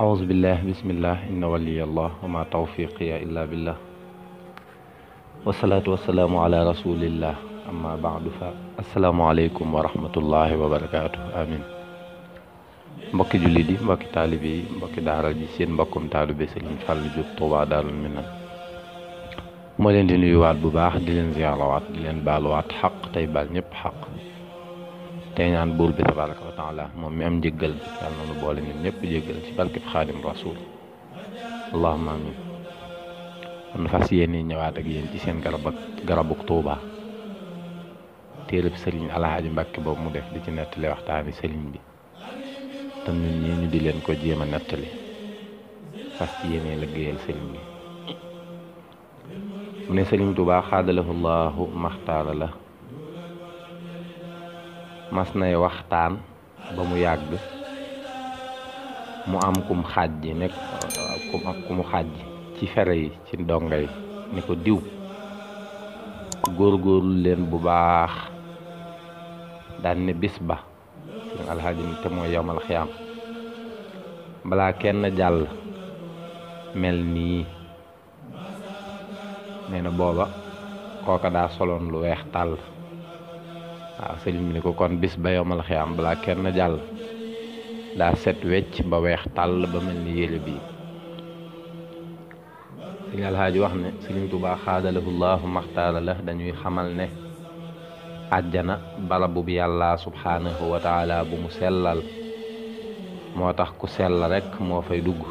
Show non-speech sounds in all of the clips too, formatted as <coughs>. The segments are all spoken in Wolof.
أعوذ بالله بسم الله إن ولي الله وما توفيقي إلا بالله والصلاة والسلام على رسول الله أما بعد فالسلام عليكم ورحمة الله وبركاته آمين مكي جليدي مكي طالبي مكي دار الجسين مكم طالبي سلم فعل جب طوبة دار من مولين دي نيوات بباح دي لين زيارة وات دي لين بالوات حق تيبال نيب حق tey ñaan buur bi tabaraka wa taala moom mi am njëggal yàlla na nu boole ñun ñëpp ci barkeb xaadim rasul allahumma amin kon fas yéene ñëwaat ak yéen ci seen garab ak garabuk tuuba téereb sëriñ alhaaji mbàkke boobu mu def di ci nettali waxtaani sëriñ bi te ñun di leen ko jéem a nettali fas yéene liggéeyal sëriñ bi mu ne sëriñ tuuba xaadalahu llahu maxtaara la mas nay waxtaan ba mu yàgg mu am kum xaaj ji nekk kum am ku mu xaaj ci fere yi ci ndongo yi ni ko diw góorgóorlu leen bu baax daan ne bis ba suñu alxaaji te mooy yowmal xiyaam balaa kenn jàll mel nii nee na booba kooka daa soloon lu weex tàll waaw ah, sëriñ ko kon bis ba yomal xiyaam balaa kenn jàll daa set wecc ba weex tàll ba mel ni yére bii sëriñ alxaaji wax ne sëriñ Tuubaa xaadalahu llahu maxtaara la dañuy xamal ne àjjana barabu bi yàlla subhaanahu wa taala bu mu sellal moo tax ku sell rekk moo fay dugg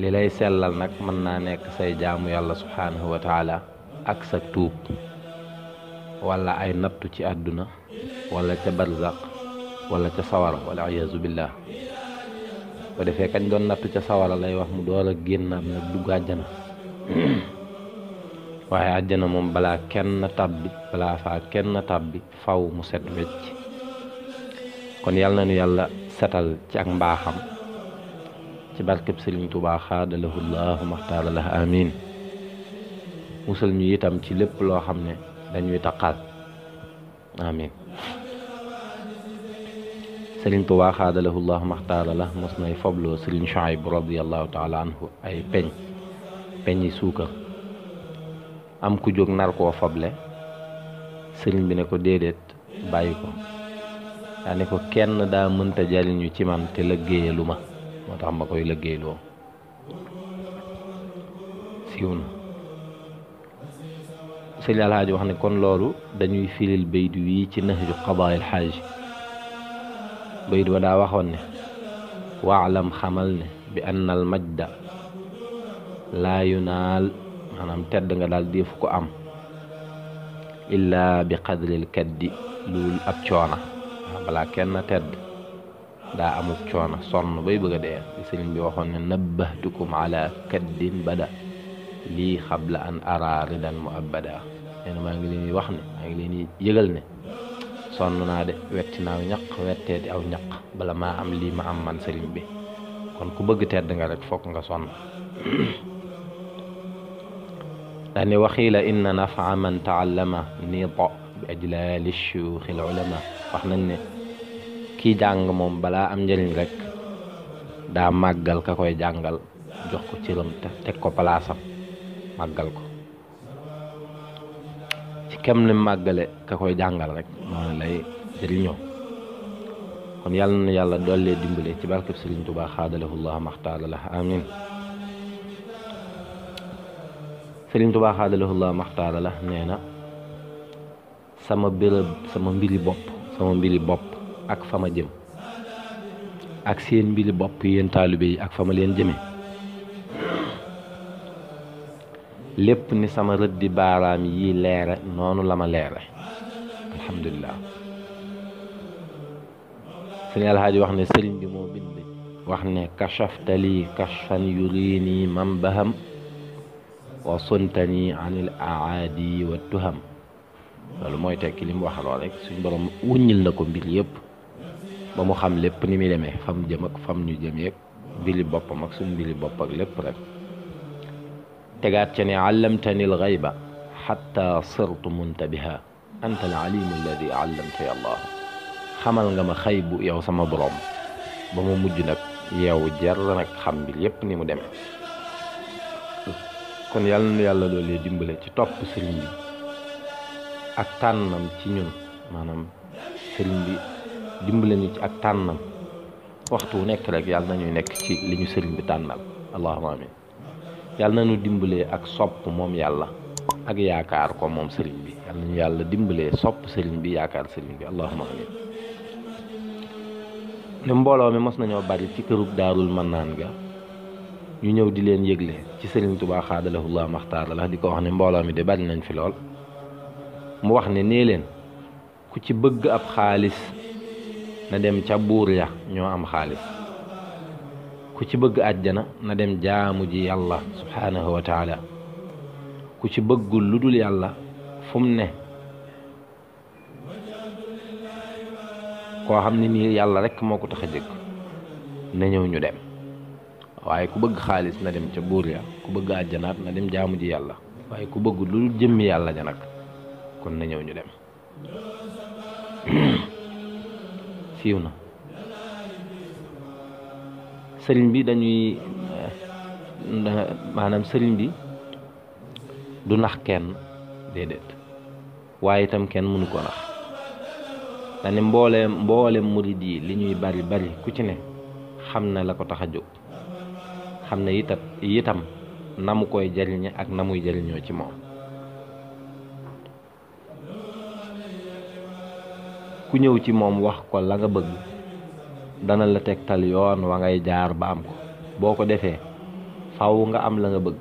li lay sellal nag mën naa nekk say jaamu yàlla subhaanahu wa taala ak sa tuub wala ay nattu ci aduna wala ca barzaq wala ca sawara wala a'yazu billah bu defé kagn don nattu ca sawara lay wax mu door a génnaat nag dugg àjjana <clears throat> waaye àjjana moom kenn tabbi bala fa kenn tabbi faw mu set wetch kon yalla nañu yalla setal ci ak mbaxam ci barkeb sëriñ Tuubaa xaadalahu llahu amin musal ñu yitam ci lepp lo xamne أن يتقاد آمين سرين توبا خاد له الله مختار له مصنع فبلو سرين شعيب رضي الله تعالى عنه أي بني بني سوكا أم كجوك ناركو فبلة سرين بنكو ديدت بايكو يعني كو كن دا منتجال نيوتيمان تلقي لما ما تعمقوا يلقي لو سيونه sëñ alxaaji wax ne kon loolu dañuy filil baydu wi ci nahju qadaayil xaaj baydu ba daa waxoon ne waalam xamal ne bi ann al majda laa yunaal maanaam tedd nga daal deefu ko am illaa bi qadril kaddi luul ab coona balaa kenn tedd daa amuk coona sonn bay bëgg a dee sëriñ bi waxoon ne nabbahtukum ala kaddin bada li khabla an arar dan muabada abada ma ngi leni wax ne maa ngi leni yegal ne sonn de wetti na ñak wettee di aw ñak bala ma am lii ma am man sëriñ bi kon ku bëgg tedd nga rek fokk nga son <clears throat> dani wakhila inna naf'a man taallama niito bi ash-shuyukh al ulama wax nañ ne ki jang mom bala am njëriñ rek da màggal ka koy janggal, jox ko cëram te ko place magal ko ci kam ni magale ka koy jàngal rek noonu lay jëriñoo kon yàlla na yàlla dollee dimbele ci barke serigne touba khadalahu allah maxtaala la amin serigne touba khadalahu allah maxtaala la nee sama bir sama mbiri bop sama mbiri bop ak fama jëm ak seen mbiri bop yéen taalibe ak fama ma leen jëmee lépp ni sama rëdd di baaraam yi leere noonu la ma leere alhamdulilah sëriñ alhaaji wax ne sëriñ bi moo bind wax ne kashaftali kashfan yurini man baham wa suntani anil aadi wa tuham loolu mooy tekki li mu wax lool rek suñ borom wuññil na ko mbir yëpp ba mu xam lépp ni mi demee fam jëm ak fam ñu jëm yeeg mbiri boppam ak suñ mbiri bopp ak lépp rek تجاتني علمتني الغيبة حتى صرت منتبها أنت العليم الذي علمت يا الله خمل لما خيب يا وسام برام بمو مجنك يا وجرنك خمل يبني مدمع كن يلا يلا دولي ديمبلي تي توب سيرين دي اك تانام تي نيون مانام سيرين دي ديمبلي ني تي اك تانام وقتو نيك رك يالنا ني نيك تي لي ني سيرين بي تانال اللهم امين yàlla na ñu dimbalee ak sopp moom yàlla ak yaakaar ko moom sëriñ bi yàlla nañu yàlla dimbalee sopp sëriñ bi yaakaar sëriñ bi allahumma amin ne mbooloo mi mos nañoo bari ci kërug daarul mannaan ga ñu ñëw di leen yëgle ci sëriñ tubaa xaadalahullah maxtaar la di ko wax ni mbooloo mi de bari nañ fi lool mu wax ne nee leen ku ci bëgg ab xaalis na dem ca buur ya ñoo am xaalis ku ci bëgg àjjana na dem jaamu ji yàlla subhaanahu wa ku ci bëggul lu dul yàlla fu ne koo xam ne nii yàlla rek moo ko tax a jëkk na ñëw ñu dem waaye ku bëgg xaalis na dem ca buur ya ku bëgg àjjanaat na dem jaamu ji yàlla waaye ku bëgg lu dul jëmmi yàlla ja nag kon na ñëw ñu dem <coughs> siiw na sëriñ bi dañuy eh, maanaam sëriñ bi du nax kenn déedéet waaye itam kenn mënu ko nax dani mbooleem mbooleem murid yi li ñuy bari bari ku ci ne xam na la ko tax a jóg xam na itam itam na mu koy jariñe ak na muy jariñoo ci moom ku ñëw ci moom wax ko la nga bëgg dana la tegtal yoon wa ngay jaar ba am ko boo ko defee faw nga am la nga bëgg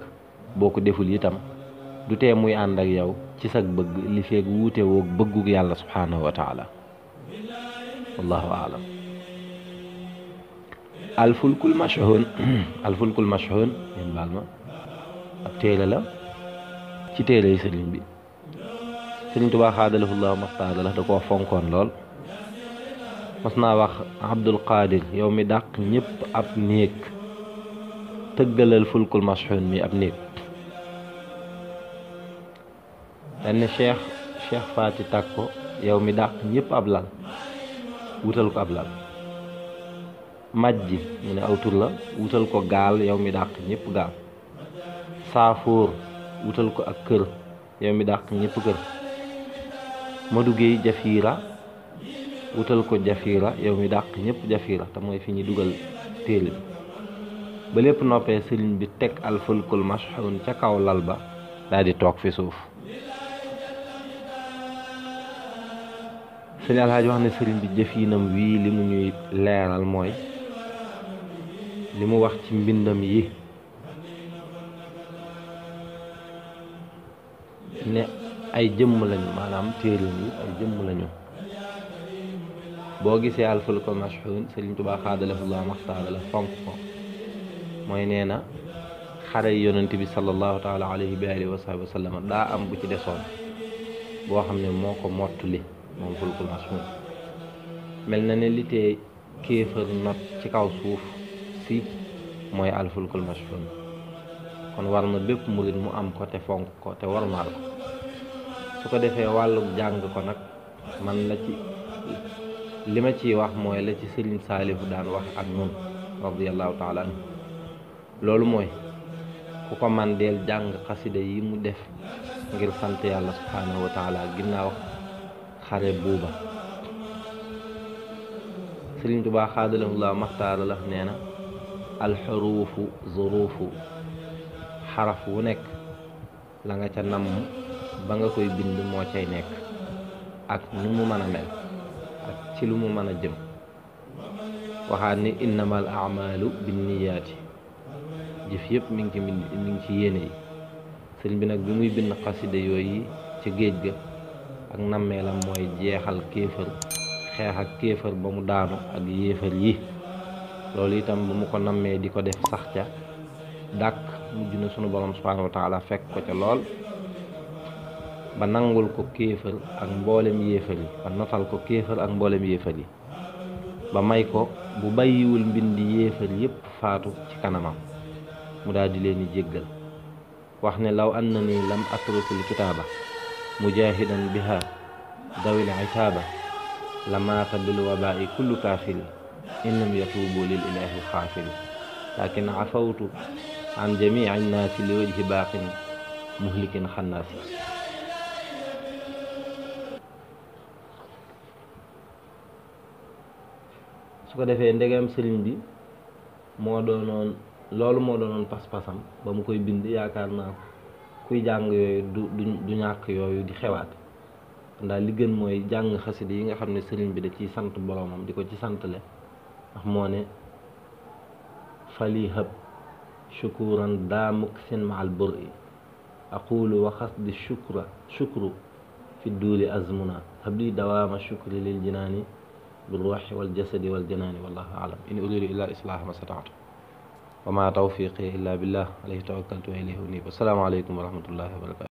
boo ko deful itam du tee muy ànd ak yow ci sag bëgg li feeg wuute woog bëggug yàlla subhaanahu wa taala wallahu aalam alfulkul mashhun <clears throat> alfulkul mashhun ngeen baal ma ab téere la ci téere yi sëriñ bi sëriñ Tuubaa xaadalahu llahu la da koo fonkoon lool mas naa wax abdul qadir yow mi dàq ñépp ab néeg tëggalal fulkul masxuun mi ab néeg dañ ne cheikh cheikh faati tàg ko yow mi dàq ñépp ab lal wutal ko ab lal majji mu ne aw tur la wutal ko gaal yow mi dàq ñépp gaal saafoor wutal ko ak kër yow mi dàq ñépp kër madugéey jafiira wutal ko jafira yow mi dàq ñëpp jafira te mooy fi ñu dugal téere ba lépp noppee sëriñ bi teg alfulkul mashxuun ca kaw lal ba daal toog fi suuf sëriñ alxaaj wax ne sëriñ bi jëf jëfinam wii li mu ñuy leeral mooy li mu wax ci mbindam yi ne ay jëmm lañu maanaam téere yi ay jëmm lañu بوغي سي الف لكو مشحون سيرن توبا خادل الله مختار له فونك فون موي نينا خاري يونتي بي صلى الله تعالى عليه واله وصحبه وسلم دا ام بو سي ديسون بو خامني موكو موتلي موم فولك مشحون ملنا ني لي تي كيفر نات سي كاو سوف سي موي الف لكو مشحون kon war na bépp murid mu am ko te fonk ko te war mal ko su ko defee wàllu li ma ciy wax mooy la ci sëriñ saalifu daan wax ak ñun radiallahu taala anhu loolu mooy ku ko man deel jàng xasida yi mu def ngir sant yàlla subhaanahu wa ginnaaw xare buuba sëriñ tubaa xaadalahulaa maxtaara nee na alxuruufu zuruufu xaraf wu nekk la nga ca namm ba nga koy bind moo cay nekk ak nu mu mën a mel ci lu mu mën a jëm waxaat ni innamal amalu binniyaati jëf yëpp mi ngi ci mi ngi ci yéene yi sëriñ bi nag bi muy bind xasida yooyu ci géej ga ak nammeelam mooy jeexal kéefër xeex ak kéefër ba mu daanu ak yéefar yi loolu itam bu mu ko nammee di ko def sax ca dàkk mujj na sunu borom subhanahu wa taala fekk ko ca lool ba nangul ko kéefër ak mboolem yéefar yi ba nafal ko kéefër ak mboolem yéefar yi ba may ko bu bàyyiwul mbindi yéefar yépp faatu ci kanamam mu daal di leen di jéggal wax ne law annani lam atrukul kitaaba mujahidan biha dawil itaaba la maata bil wabaa'i kullu kaafiri in lam yatuubu lil ilaahi xaafiri laakin afawtu an jamii annaasi li wajhi baaqin muhlikin xannaasi su ko defee ndegam sëriñ bi moo doonoon loolu moo doonoon pas-pasam ba mu koy bind yaakaar naa kuy jàng yooyu du ñàkk yooyu di xewaat ndax li gën mooy jàng xasida yi nga xam ne sëriñ bi da ciy sant boroomam di ko ci santale ndax moo ne fali hëb shukuran daamuk seen maal bur i aqulu wa xasdi shukra shukru fi duuli azmuna habli dawaama shukri lil jinaani بالروح والجسد والجنان والله أعلم إن أريد إلا إصلاح ما استطعت وما توفيقي إلا بالله عليه توكلت وإليه أنيب السلام عليكم ورحمة الله وبركاته